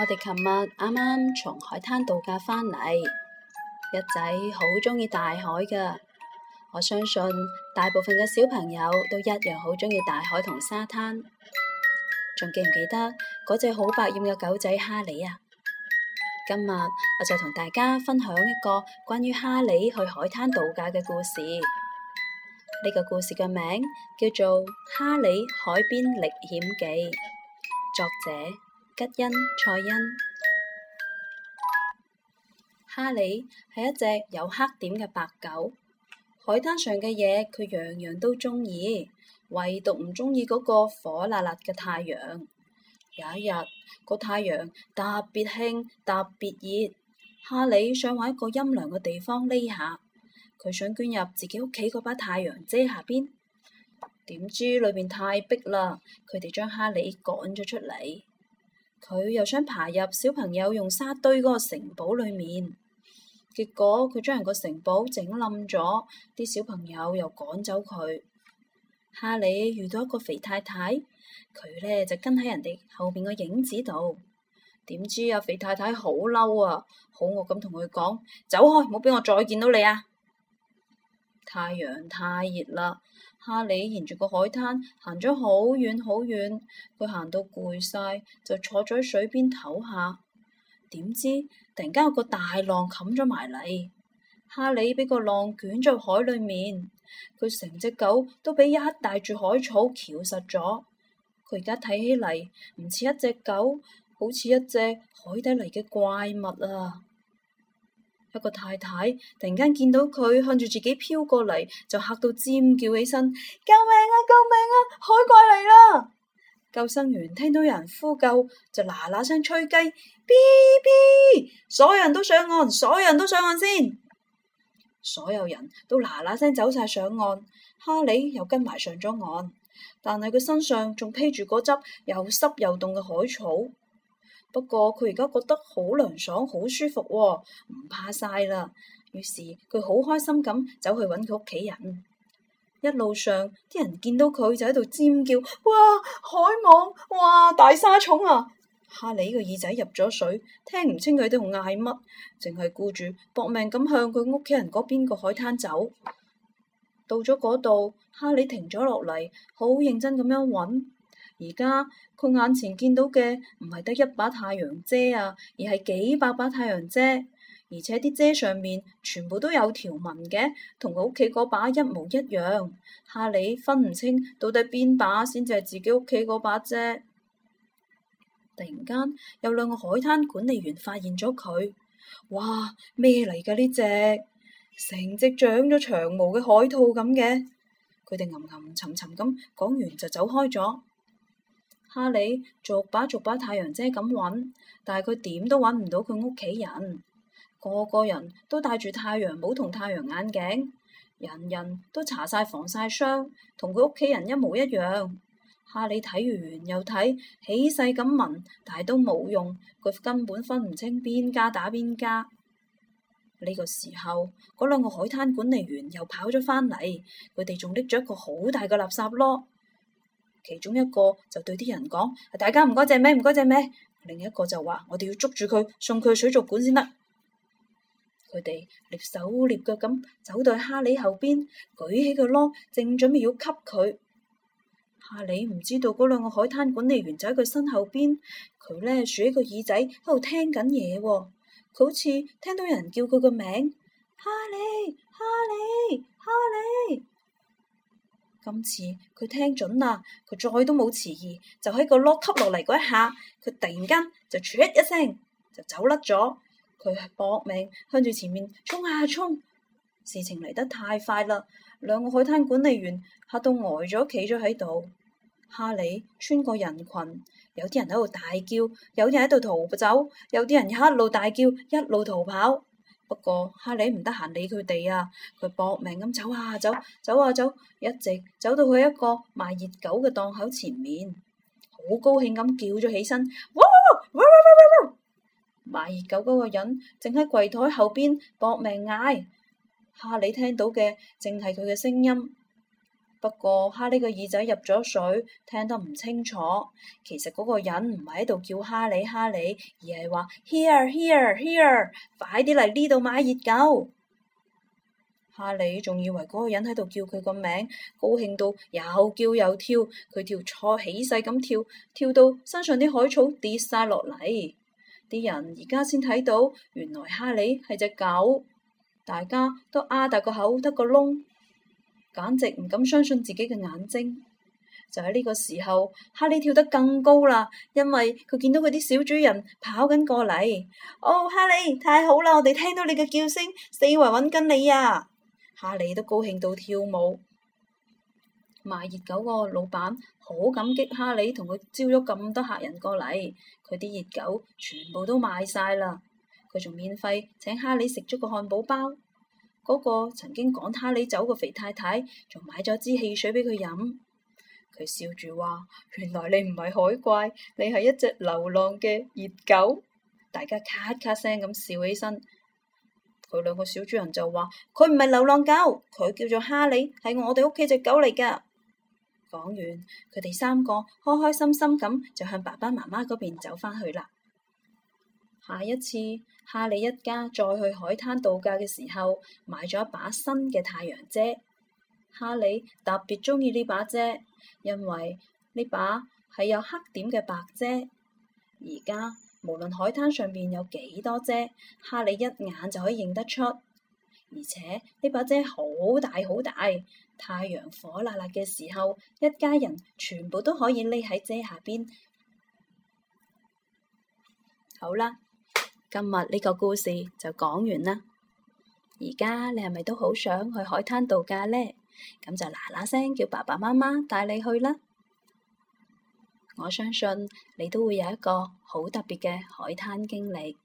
我哋琴日啱啱從海灘度假返嚟，日仔好鍾意大海噶。我相信大部分嘅小朋友都一樣好鍾意大海同沙灘。仲記唔記得嗰隻好百厭嘅狗仔哈利啊？今日我就同大家分享一個關於哈利去海灘度假嘅故事。呢個故事嘅名叫做《哈利海邊歷險記》，作者。吉恩、蔡恩、哈利係一隻有黑點嘅白狗。海灘上嘅嘢，佢樣樣都鍾意，唯獨唔鍾意嗰個火辣辣嘅太陽。有一日，個太陽特別興特別熱，哈利想揾一個陰涼嘅地方匿下。佢想捐入自己屋企嗰把太陽遮下邊，點知裏面太逼啦，佢哋將哈利趕咗出嚟。佢又想爬入小朋友用沙堆嗰個城堡裏面，結果佢將人個城堡整冧咗，啲小朋友又趕走佢。哈利遇到一個肥太太，佢咧就跟喺人哋後邊個影子度，點知啊，肥太太好嬲啊，好惡咁同佢講：走開，唔好俾我再見到你啊！太陽太熱啦。哈利沿住個海灘行咗好遠好遠，佢行到攰晒，就坐咗喺水邊唞下。點知突然間有個大浪冚咗埋嚟，哈利俾個浪捲咗海裏面，佢成隻狗都俾一大串海草繑實咗。佢而家睇起嚟唔似一隻狗，好似一隻海底嚟嘅怪物啊！不過太太突然間見到佢向住自己飄過嚟，就嚇到尖叫起身：救命啊！救命啊！海怪嚟啦！救生員聽到有人呼救，就嗱嗱聲吹雞，嗶嗶！所有人都上岸，所有人都上岸先，所有人都嗱嗱聲走晒上岸，哈利又跟埋上咗岸，但係佢身上仲披住嗰執又濕又凍嘅海草。不過佢而家覺得好涼爽，好舒服喎，唔怕曬啦。於是佢好開心咁走去搵佢屋企人。一路上啲人見到佢就喺度尖叫：哇！海蟒，哇！大沙蟲啊！哈利個耳仔入咗水，聽唔清佢哋同嗌乜，淨係顧住搏命咁向佢屋企人嗰邊個海灘走。到咗嗰度，哈利停咗落嚟，好認真咁樣搵。而家佢眼前見到嘅唔係得一把太陽遮啊，而係幾百把太陽遮，而且啲遮上面全部都有條紋嘅，同佢屋企嗰把一模一樣。哈利分唔清到底邊把先至係自己屋企嗰把遮。突然間有兩個海灘管理員發現咗佢，哇，咩嚟噶呢隻成隻長咗長毛嘅海兔咁嘅？佢哋吟吟沉沉咁講完就走開咗。哈利逐把逐把太陽遮咁揾，但係佢點都揾唔到佢屋企人。個個人都戴住太陽帽同太陽眼鏡，人人都搽晒防晒霜，同佢屋企人一模一樣。哈利睇完又睇，起勢咁問，但係都冇用，佢根本分唔清邊家打邊家。呢個時候，嗰兩個海灘管理員又跑咗返嚟，佢哋仲拎咗一個好大個垃圾籮。其中一個就對啲人講：大家唔該借咩？唔該借咩？另一個就話：我哋要捉住佢，送佢去水族館先得。佢哋躡手躡腳咁走到去哈利後邊，舉起個籠，正準備要吸佢。哈利唔知道嗰兩個海灘管理員就喺佢身後邊，佢咧豎起個耳仔喺度聽緊嘢，佢好似聽到有人叫佢個名哈：哈利，哈利，哈利。今次佢聽準啦，佢再都冇遲疑，就喺個落吸落嚟嗰一下，佢突然間就唰一聲就走甩咗，佢搏命向住前面衝啊衝！事情嚟得太快啦，兩個海灘管理員嚇到呆咗，企咗喺度。哈利穿過人群，有啲人喺度大叫，有啲人喺度逃走，有啲人一路大叫一路逃跑。不過哈利唔得閒理佢哋啊！佢搏命咁走啊走，走啊走，一直走到去一個賣熱狗嘅檔口前面，好高興咁叫咗起身，哇哇哇哇哇哇哇！賣熱狗嗰個人正喺櫃台後邊搏命嗌，哈利聽到嘅正係佢嘅聲音。不過哈利個耳仔入咗水，聽得唔清楚。其實嗰個人唔係喺度叫哈利哈利，而係話 here here here，快啲嚟呢度買熱狗。哈利仲以為嗰個人喺度叫佢個名，高興到又叫又跳，佢跳錯起勢咁跳，跳到身上啲海草跌晒落嚟。啲人而家先睇到，原來哈利係隻狗，大家都啊大大個口得個窿。簡直唔敢相信自己嘅眼睛！就喺呢個時候，哈利跳得更高啦，因為佢見到佢啲小主人跑緊過嚟。哦，哈利，太好啦！我哋聽到你嘅叫聲，四圍揾緊你啊！哈利都高興到跳舞。賣熱狗個老闆好感激哈利，同佢招咗咁多客人過嚟，佢啲熱狗全部都賣晒啦。佢仲免費請哈利食咗個漢堡包。嗰個曾經趕哈利走嘅肥太太，仲買咗支汽水俾佢飲。佢笑住話：原來你唔係海怪，你係一隻流浪嘅熱狗。大家咔咔聲咁笑起身。佢兩個小主人就話：佢唔係流浪狗，佢叫做哈利，係我哋屋企隻狗嚟噶。講完，佢哋三個開開心心咁就向爸爸媽媽嗰邊走返去啦。下一次，哈利一家再去海灘度假嘅時候，買咗把新嘅太陽遮。哈利特別鍾意呢把遮，因為呢把係有黑點嘅白遮。而家無論海灘上面有幾多遮，哈利一眼就可以認得出。而且呢把遮好大好大，太陽火辣辣嘅時候，一家人全部都可以匿喺遮下邊。好啦。今日呢個故事就講完啦，而家你係咪都好想去海灘度假咧？咁就嗱嗱聲叫爸爸媽媽帶你去啦！我相信你都會有一個好特別嘅海灘經歷。